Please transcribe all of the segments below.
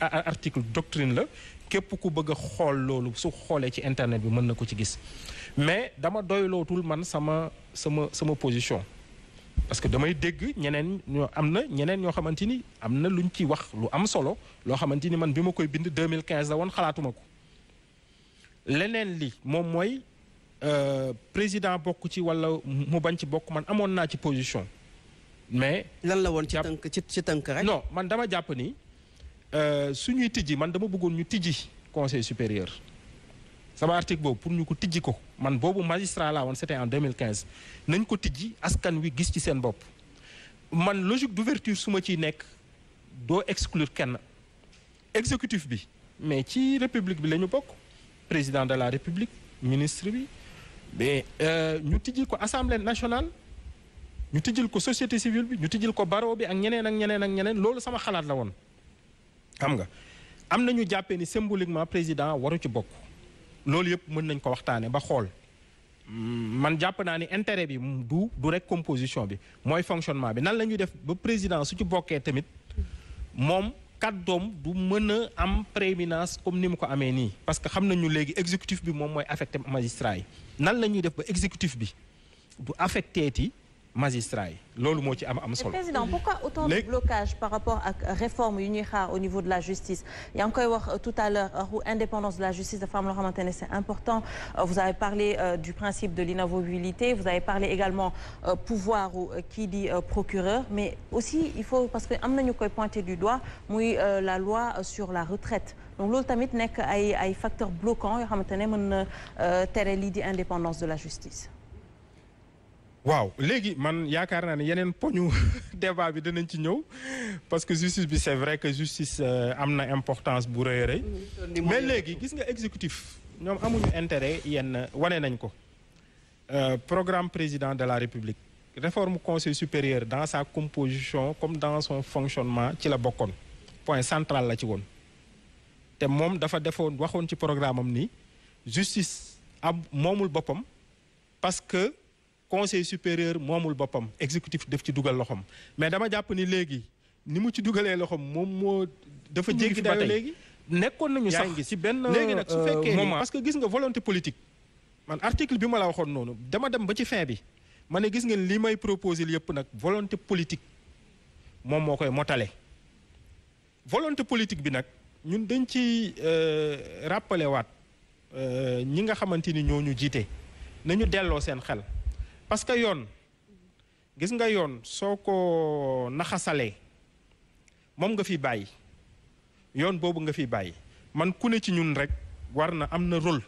article doctrine la képp ku bëgg a xool loolu su xoolee ci internet bi mën na ko ci gis mais dama doylootul man sama sama sama position parce que damay dégg ñeneen ñoo am na ñeneen ñoo xamante ni am na luñ ci wax lu am solo loo xamante ni man bi ma koy bind 2015 la woon xalaatuma ko leneen li moom mooy euh, président bokk ci walla mu bañ ci bokk man amoon naa ci position mais. lan la woon ci tënk ci tënk rek. non man dama jàpp nii Euh, su ñuy tijji man dama bëggoon ñu tijji conseil supérieur sama article boobu pour ñu ko tijji ko man boobu magistrat laa woon c'était en 2015 nañ ko tijji askan wi gis ci seen bopp man logique d'ouverture su ma ciy nekk doo exclure kenn exécutif bi mais ci république bi lañu bokk président de la république ministre bi mais euh, ñu tijjil ko assemblée nationale ñu tijjil ko société civile bi ñu tijjil ko barreau bi ak ñeneen ak ñeneen ak ñeneen loolu sama xalaat la woon xam nga am na ñu jàppee ni symboliquement président waru ci bokk loolu yëpp mën nañ ko waxtaane ba xool man jàpp naa ni intérêt bi du du rek composition bi mooy fonctionnement bi nan la ñuy def ba président su ci bokkee tamit moom kàddoom du mën a am prééminence comme ni mu ko amee nii parce que xam nañu léegi exécutif bi moom mooy affecté magistrat yi nan la ñuy def ba exécutif bi du affecté magistrats yi moo ci am am solo. président pourquoi autant de blocage par rapport ak euh, réforme yu au niveau de la justice yaa ngi koy wax euh, tout à l'heure euh, ou indépendance de la justice dafa am loo xamante ne c'est important vous avez parlé du principe de l'inamovibilité vous avez parlé également pouvoir kii di procureur mais aussi il faut parce que am nañu koy pointer du doigt muy la loi sur la retraite donc loolu tamit nekk ay ay facteurs bloquants yoo xamante ne mën na tere lii di indépendance la justice waaw léegi man yaakaar naa ne yeneen poñu débat bi danañ ci ñëw parce que justice bi c'est vrai que justice euh, am na importance bu rëy a rëy mm, mais léegi gis nga exécutif ñoom amuñu intéret yenn wane nañ ko euh, programme président de la république réforme conseil supérieur dans sa composition comme dans son fonctionnement ci la bokkoon point central la ci woon te moom dafa defoon waxoon ci programme am ni justice am moomul boppam parce que conseil supérieur moomul boppam exécutif def ci dugal loxoom mais dama jàpp ni léegi ni mu ci dugalee loxoom moom moo. dafa jéggi dayo léegi. nekkoon nañu sax ci benn léegi nag su euh, fekkee parce que gis nga volonté politique. man article bi ma la waxoon noonu dama dem ba ci fin bi ma ne gis ne li may proposé yëpp nag volonté politique moom moo koy motale. volonté politique bi nag ñun dañ ci euh, rappelé waat euh, ñi nga xamante ni ñoo ñu jiite nañu delloo seen xel. parce que yoon gis nga yoon soo ko naxasalee moom nga fi bàyyi yoon boobu nga fi bàyyi man ku ne ci ñun rek war na am na rôle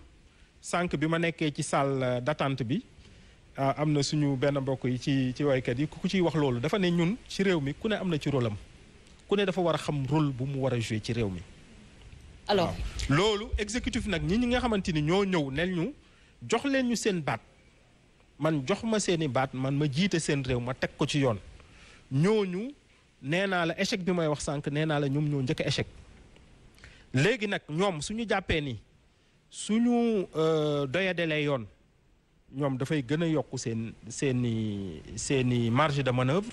sànq bi ma nekkee ci salle d'attente bi ah, am na suñu benn mbokk yi ci ci waykat yi ku ku ciy wax loolu dafa ne ñun ci réew mi ku ne am na ci rôle am ku ne dafa war a xam rôle bu mu war a jouer ci réew mi. alors loolu exécutif nag ñi ñi nga xamante ni ñoo ñëw nel ñu jox leen ñu seen baat. man jox ma seeni baat man ma jiite seen réew ma teg ko ci yoon ñooñu nee naa la échec bi may wax sànq nee naa la ñoom ñoo njëkk échec léegi nag ñoom suñu jàppee ni suñu euh, doyadelee yoon ñoom dafay gën a yokk seen seeni seeni marge de manœuvre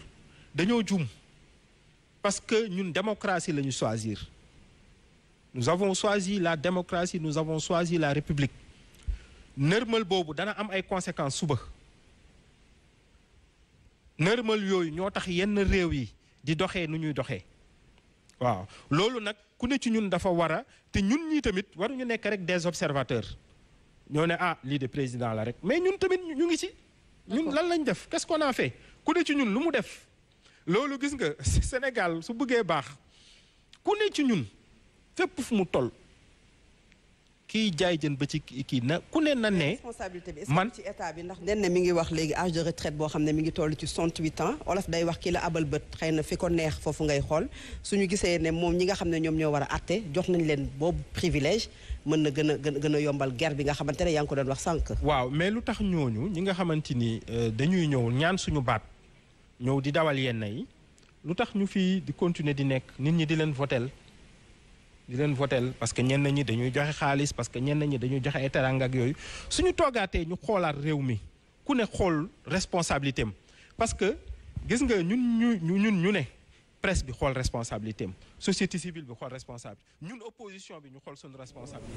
dañoo jum parce que ñun démocratie la ñu choisir nous avons choisi la démocratie nous avons choisi la république nërmal boobu dana am ay conséquences suba nërmal yooyu ñoo tax yenn réew yi di doxee nu ñuy doxee waaw loolu nag ku ne ci ñun dafa war a te ñun ñii tamit waruñu nekk rek des observateurs ñoo ne ah lii de président la rek mais ñun tamit ñu ngi ci. ñun lan lañ def quest ku ne ci ñun lu mu def loolu gis nga Sénégal su bëggee baax ku ne ci ñun fépp fu mu toll. kiy jaay jën ba ci kii na ku ne na ne. man ci état bi ndax den ne mi ngi wax léegi âge de retraite boo xam ne mi ngi toll ci 68 ans olof day wax kii la abal bët xëy na fi ko neex foofu ngay xool su ñu gisee ne moom ñi nga xam ne ñoom ñoo war a atte jox nañ leen boobu privilège mën na gën a gën gën a yombal guerre bi nga xamante ne yaa ngi ko doon wax sànq. waaw mais lu tax ñooñu ñi nga xamante ni euh, dañuy ñëw ñaan suñu baat ñëw di dawal yenn yi lu tax ñu fii di continuer di nekk nit ñi di leen votel di leen votel parce que ñenn ñi dañuy joxe xaalis parce que ñenn ñi dañuy joxe ay teranga yooyu suñu toogaatee ñu xoolaat réew mi ku ne xool responsabilité am parce que gis nga ñun ñu ñun ñu ne presse bi xool responsabilité am société civile bi xool responsable ñun opposition bi ñu xool suñu responsabilité.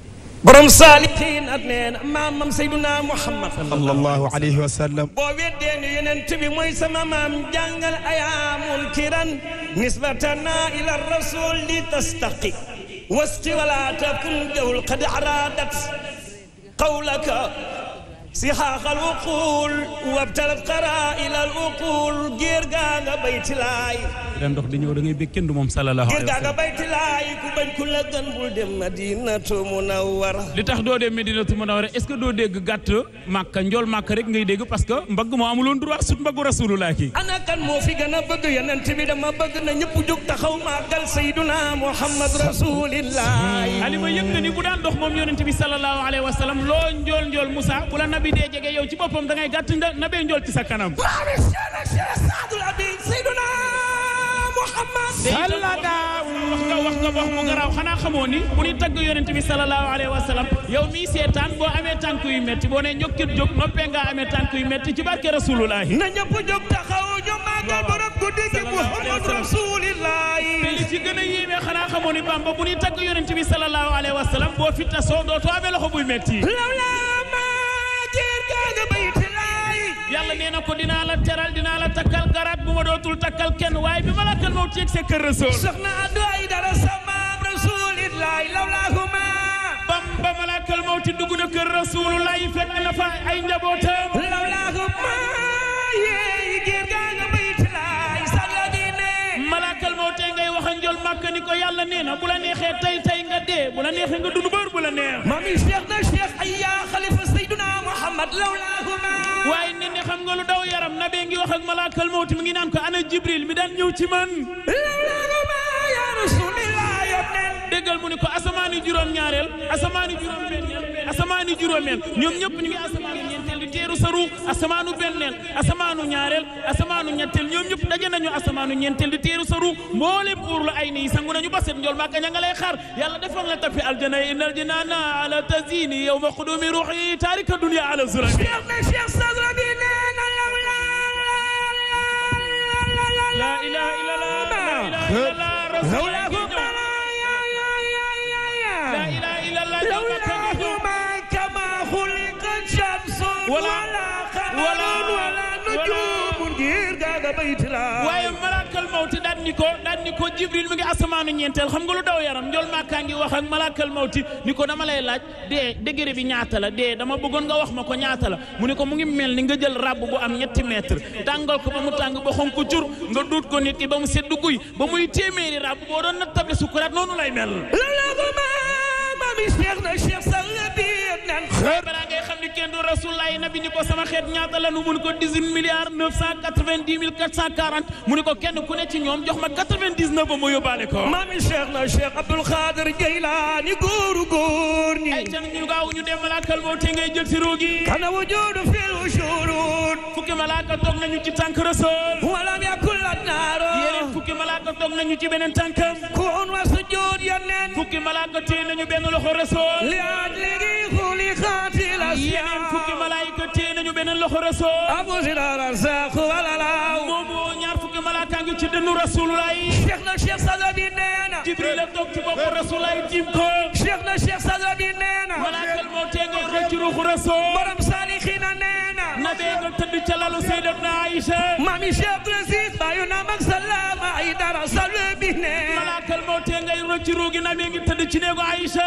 borom saalihiin at nee na maamam Seyduna Muhammad. sallallahu alayhi wa sallam. boo weddee ni yonent bi mooy sama maam jàngal ayaamul kiran nisbatana ila rasul li tastaqi wasti wala takun jawul qad aradat qawlaka سحاق العقول وابتلت قرائل العقول غير غاغا بيت لاي dem dox di ñëw da ngay bég kenn du moom sallallahu alayhi wa sallam gaaga bayti laay ku bañ ku la gën bul dem madinatu munawwara li tax doo dem madinatu munawwara est-ce que doo dégg gàtt màkka njool màkka rek ngay dégg parce que mbag moo amuloon droit sut mbaggu rasulullah ki ana kan moo fi gën a bëgg yonent bi dama bëgg na ñëpp jóg taxaw màggal sayyiduna muhammad rasulillah ali ma na ni bu daan dox moom yonent bi sallallahu alayhi wa sallam loo njool njool Moussa bu la bi dee jege yow ci boppam da ngay gàtt na bee njool ci sa kanam. wax nga wax nga wax mu garaaw xanaa xamoo ni bu ñu tagg yonent bi salallaahu alayhi wa sallam yow mii seetaan boo amee yu métti boo ne ñokkit jóg noppee yu métti ci barke rasulullahi na ñëpp jóg taxaw ñu màggal borom guddi gi muhammad rasulillahi te li ci a yéemee xanaa xamoo ni bamba bu ñu tagg yonent bi salallaahu alayhi boo fi tasoo dootoo amee loxo buy métti yàlla nee na ko dinaa la teral dinaa la takkal garaat bu ma dootul takkal kenn waaye bi ma la kal mawt yëg sa kër rasul soxna addu ay dara samaam rasulillahi lawlaahuma bam ba ma la kal mawti dugg na kër rasulullahi fekk na fa ay njabootam lawlaahuma yeey géer gaa nga bayit laay salla diine malaakal mawte ngay wax a njol màkk ni ko yàlla nee na bu la neexee tey tey nga dee bu la neexee nga dund bër bu la neex mami cheikh na cheikh ay yaa xalifa Muhammad lawlaahuma waaye nee xam nga lu daw yaram na bee ngi wax ak malaakal mawti mi ngi naan ko ana Jibril mi daan ñëw ci man lawlaahuma ya rasulillah déggal mu ni ko asamaani juróom-ñaareel asamaani juróom-benneel asamaani juróomeel ñoom ñëpp ñu ngi asamaan weeru saru asamaanu benneel asamaanu ñaareel asamaanu ñetteel ñoom ñëpp daje nañu asamaanu ñeenteel di teeru saru mboolem buur la ay nii sangu nañu ba set njool màkka ña nga lay xaar yàlla defal la tapi aljana innal jinaana ala tazini yow ma xudumi ruuxi taarika dunia ala zurabi la ilaha illallah daan ni ko daan ni ko jibril mi ngi asamaanu ñeenteel xam nga lu daw yaram njool màkkaa ngi wax ak malaakal mawti ni ko dama lay laaj dee degré bi ñaata la dee dama bëggoon nga wax ma ko ñaata la mu ni ko mu ngi mel ni nga jël ràbb bu am ñetti mètre tàngal ko ba mu tàng ba xonk cur nga duut ko nit ki ba mu seddu guy ba muy téeméeri ràbb boo doon nag table sukkuraat noonu lay mel xam ne kenn du rasulullahi nabi Abdul Xaadir Jeylaani góoru góor ñi. ay kana wujuudu fil wujuud. fukki malaaka toog nañu ci tànk rasul. walam yakul naaro. yeneen fukki malaaka toog nañu ci beneen tànkam. kuun wa sujuud yeneen. fukki malaaka téye nañu benn loxo rasul. weesoo abu sidaar arsaax a toog ci bopp rasulullah yi tim ko bi nee na malaakal moo teegoon ko ci ruuxu rasul borom saalixiina tëdd ca lalu sayyidatna Aïcha mami cheikh Abdul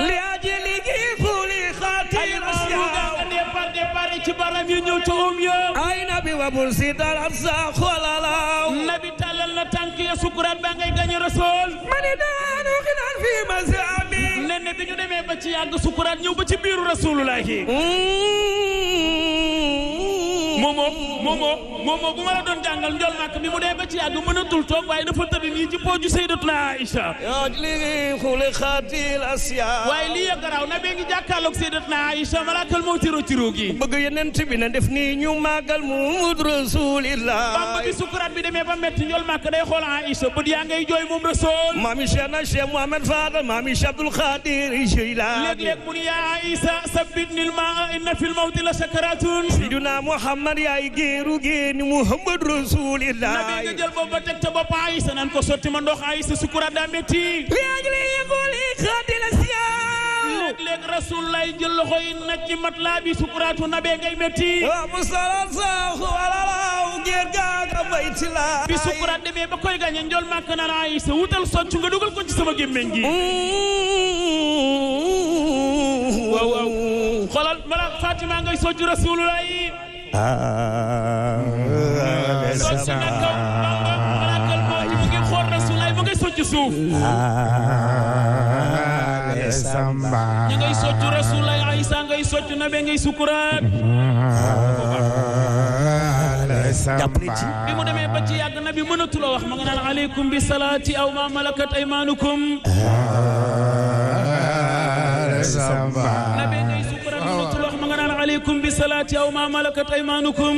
li aji ligi roy ci baram yi ñëw ca um ay nabi wa bul si dara sa xolalaaw nabi tàllal na tànk ya sukuraat baa ngay gañe rasool mani daanu xinaan fii ma si ami ne ñu demee ba ci yàgg sukuraat ñëw ba ci biiru rasulullahi mm. moomoo moomoo moomoo bu ma la doon jàngal njol màkk bi mu dee ba ci yàgg mënatul toog waaye dafa tëdd nii ci pooju Sayyidatuna Aïcha waaye lii ya garaaw na bee ngi jàkkaarloog Sayyidatuna Aïcha malaakal moo tiro tiro gi bëgg yenent bi na def nii ñu màggal Muhammad Rasulillah bamba bi sukuraat bi demee ba metti njol màkk day xool Aïcha bët yaa ngay jooy moom rasool maami Cheikh na Cheikh Mouhamed Fadal maami Cheikh Abdoul Khadir mu ni yaa Aïcha sabbitnil Muhammad man yaay géeru géeni muhammad rasulillah nabi nga jël boobu ba teg te bopp ma ndox Aïssa sukura daa métti léegi jël loxo yi nag ci mat laa bi sukuraatu nabee ngay métti waa mu salaat saaxu alalaaw géer bi sukuraat demee ba koy gàñe njool màkk naan Aïssa wutal soccu nga dugal ko ci sama gémmiñ gi mm-hmm. waaw waaw xoolal mala Fatima ngay ale samba ña ngay soccu rasulay Aysa ngay soccu nabe ngay sukuraat jàppale ci bi mu demee ba ci yàgg nabi mënatula wax ma nga naan aleykum bi salaati aw ma malakat aymaanukum nabe aleykum bi salaati aw ma malakat aymaanukum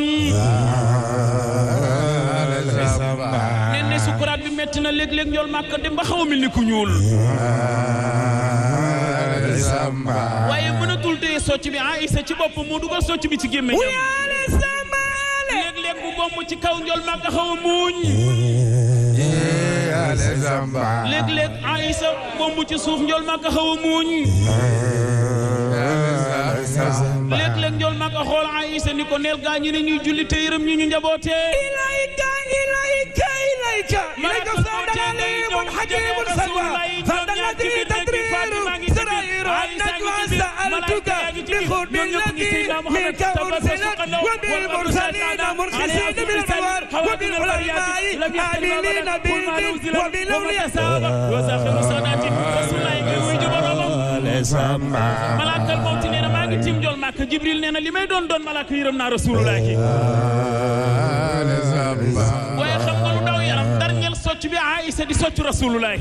nen ne sukuraat bi metti na léeg-léeg njool màkk dem ba xaw a mel ni ku ñuul waaye mënatul dee socc bi Aïssa ci bopp moo dugal socc bi ci gémmiñam léeg-léeg bu bomb ci kaw njool màkk xaw a muuñ léeg-léeg Aïssa bomb ci suuf njool màkk xaw a muuñ léeg-léeg njool mag a xool Aïssa ni ko neel gaa ñi ne ñuy julli te yërëm ñu ñu njabootee ilayka ilayka ilayka ilayka sadana laymun hakimun salwa sadana diri tadriru sarairu annak wa sa'altuka bi khudmi lati minka ursilat wa bil mursalina murkhisin bil anwar wa bil ulamai amilina bidin wa bil awliya wa sakhiru sadatin rasulai bi wujudu rabbum malaakal mawti nee na maa ngi cim njool màkk Jibril nee na li may doon doon malaaka yërëm naa rasulullah waaye xam nga lu daw yaram darñel socc bi Aïssa di socc rasulullah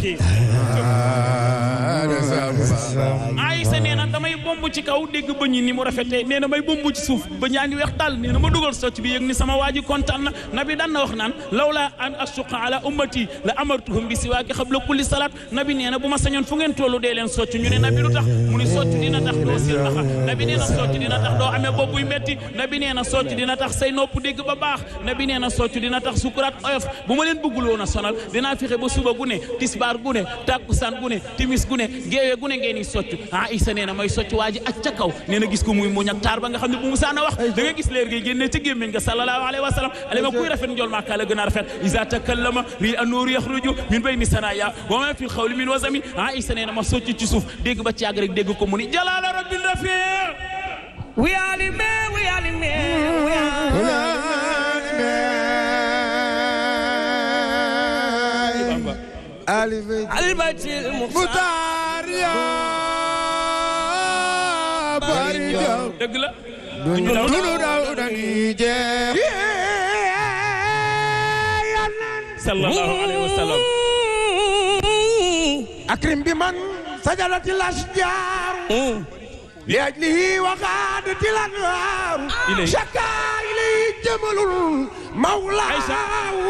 Aysa nee na damay bomb ci kaw dégg ba yi ni mu rafetee nee na may bomb ci suuf ba ñaa ngi weex daal nee na ma dugal socc bi yëg ni sama waa ji kontaan na nabi dan na wax naan lawla an asuqa ala ummati la amartuhum bi siwaaki xabla kulli salaat nabi nee na bu ma sañoon fu ngeen tollu dee leen socc ñu ne nabi lu tax mu ni socc dina tax doo silmaxa nabi nee na socc dina tax say nopp dégg ba baax nabi nee na socc dina tax sukuraat oyof bu ma leen bëgguloon a sonal dinaa fexe ba suba gu ne tisbaar gu ne tàkkusaan ne timis gu ne ne géewee gu ne ngeen di soccu ah Issa nee muy mu ñag taar ba nga xam ne bu Musaa na wax da nga gis leer ngay génnee ca gémmiñ nga sallallahu alayhi wa sallam alima kuy rafet njool maaka la gën a rafet isa takallama ri annuur yaxruju min bayni sanaya wa ma fi xawli min wasami ah Issa nee ma soccu ci suuf dégg ba ci àgg rek dégg ko mu ni jalaala rabbil rafi we are the man we are yaa bari jom dëgg la dunu daaw dani jeex sallallahu alayhi wa sallam akrim bi man sajadat al-ashjar li ajlihi wa qadat al-anwar shaka jëmalul mawla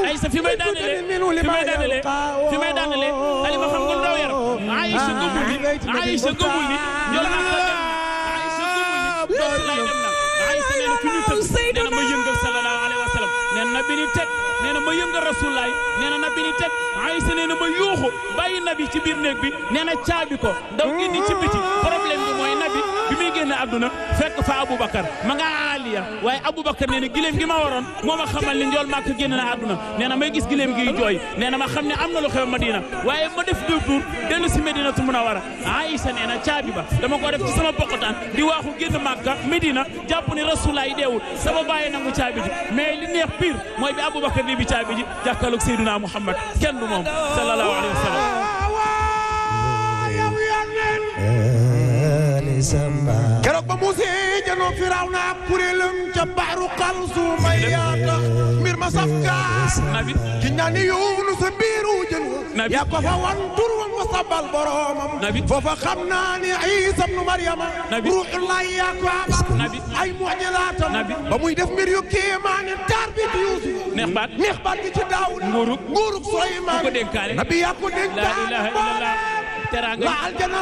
Aïssa fi may daanele fi may daanele fi may daanele Alima xam nga ndaw yaram Aïssa gëmul ni ah, Aïssa gëmul ni ñoo la Aïssa gëmul ni doon lay dem na Aïssa nee na fi ñu tëb nee na ma yëngal sallallahu alayhi wa sallam nee na nabi ni teg nee na ma yëngal rasulaay nee na nabi ni teg Aïssa nee na ma yuuxu bàyyi nabi ci biir néeg bi nee na caabi ko daw génn ci biti problème bi bi muy génn àdduna fekk fa Aboubacar ma nga Aliya waaye Aboubacar nee gileem gi ma waroon moo ma xamal ni njool màkk génn na àdduna nee na may gis gileem gi jooy nee na ma xam ne am na lu xew Madina waaye ma def deux tours dellu si Madinatu Munawara Aïssa nee na caabi ba dama ko def ci sama poqotaan di waaxu génn Màkka Medina jàpp ni Rasulaay deewul sama bàyyi nangu caabi ji mais li neex mooy bi Aboubacar ni bi caabi ji jàkkaarloog Seydina Muhammad kenn samba keroog ba Muuse janoo Firawna ak kuréelam ca baaru xal suuma yaata mbir ma saf gaa ci ñaani yoonu sa mbiru jën fa wan wan ko sabal boromam foofa xam naa ni Iisa ibnu Maryama ruuxullaay yaa ko amal ay mucjizaatam ba muy def mbir yu kéemaane taar bi di Yuusuf neex baat neex baat gi ci Daawud nguurug nguurug Suleymaan nabi yaa ko dénkaane mboolem la aljana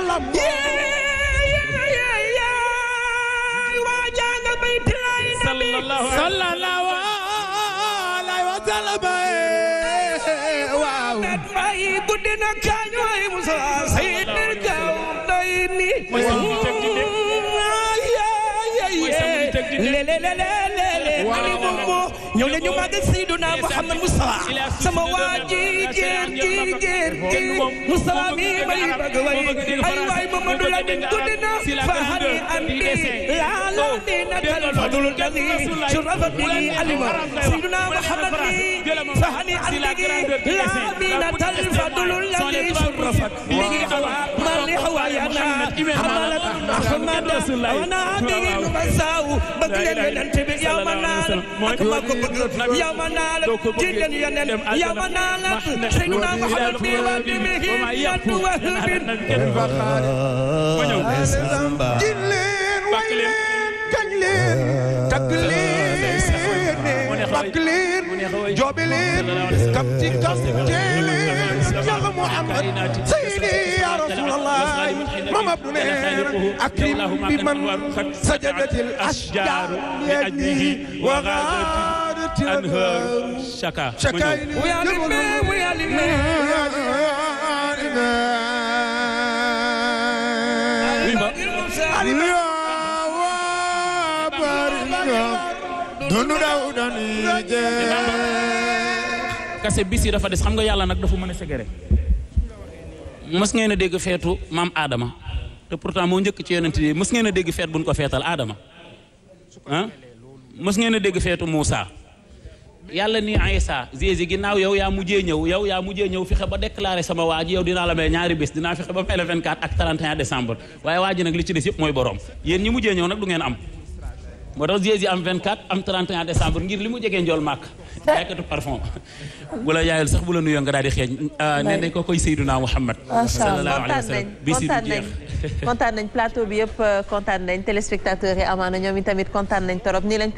sallallahu alayhi wa sallam waaw may guddi na kañooy musa sayyidil kaw doy ni lele lele lele ali bubu la leen ñu màggal Seydina Muhammad Mustafa sama waa ji jéer jéer jéer a Mustafa mi may bëgg way ay waay Mamadou Lamine tudd na fa hani andi laala ni nakal fadul gani shurafa bi alima Seydina Muhammad mi fa hani andi laa mi nakal fadul gani shurafa bi alima hawaayana محمد وانا عبده المساو بغلن يننت بي يا منال اكما كبغ يا منال جيلن ينن يا منال سيدنا محمد في وادمه يتوه من الفخار جيلن ويلن كنلن تكلين تكلين جوبلين كبتي كاس جيلين محمد سيدي يا رسول الله ماما بنير أكرم بمن سجدت الأشجار لأجله وغادت الأنهار شكا شكايني ويا لله ويا لله dundu daw dani jeex kase bis yi dafa des xam nga yàlla nag dafa mën a segere mës ngeen a dégg feetu maam Adama te pourtant moo njëkk ci yonent yi mës ngeen a dégg feet buñ ko feetal Adama ah mës ngeen a dégg feetu Moussa yàlla ni Aïssa Jésus ginnaaw yow yaa mujjee ñëw yow yaa mujjee ñëw fexe ba déclaré sama waa ji yow dinaa la may ñaari bés dinaa fexe ba may la 24 ak 31 décembre waaye waa ji nag li ci des yëpp mooy borom yéen ñi mujjee ñëw nag du ngeen am. moo tax Jésus am 24 am 31 décembre ngir li mu jegee njool màkk jaaykatu parfum bu la yaayal sax bu la nuyoo xeeñ ah, nee ko koy Seyduna Muhammad sallallahu alayhi wa sallam bi si plateau bi yëpp euh, kontaan nañ ñoom itamit kontaan nañ torop nii lañ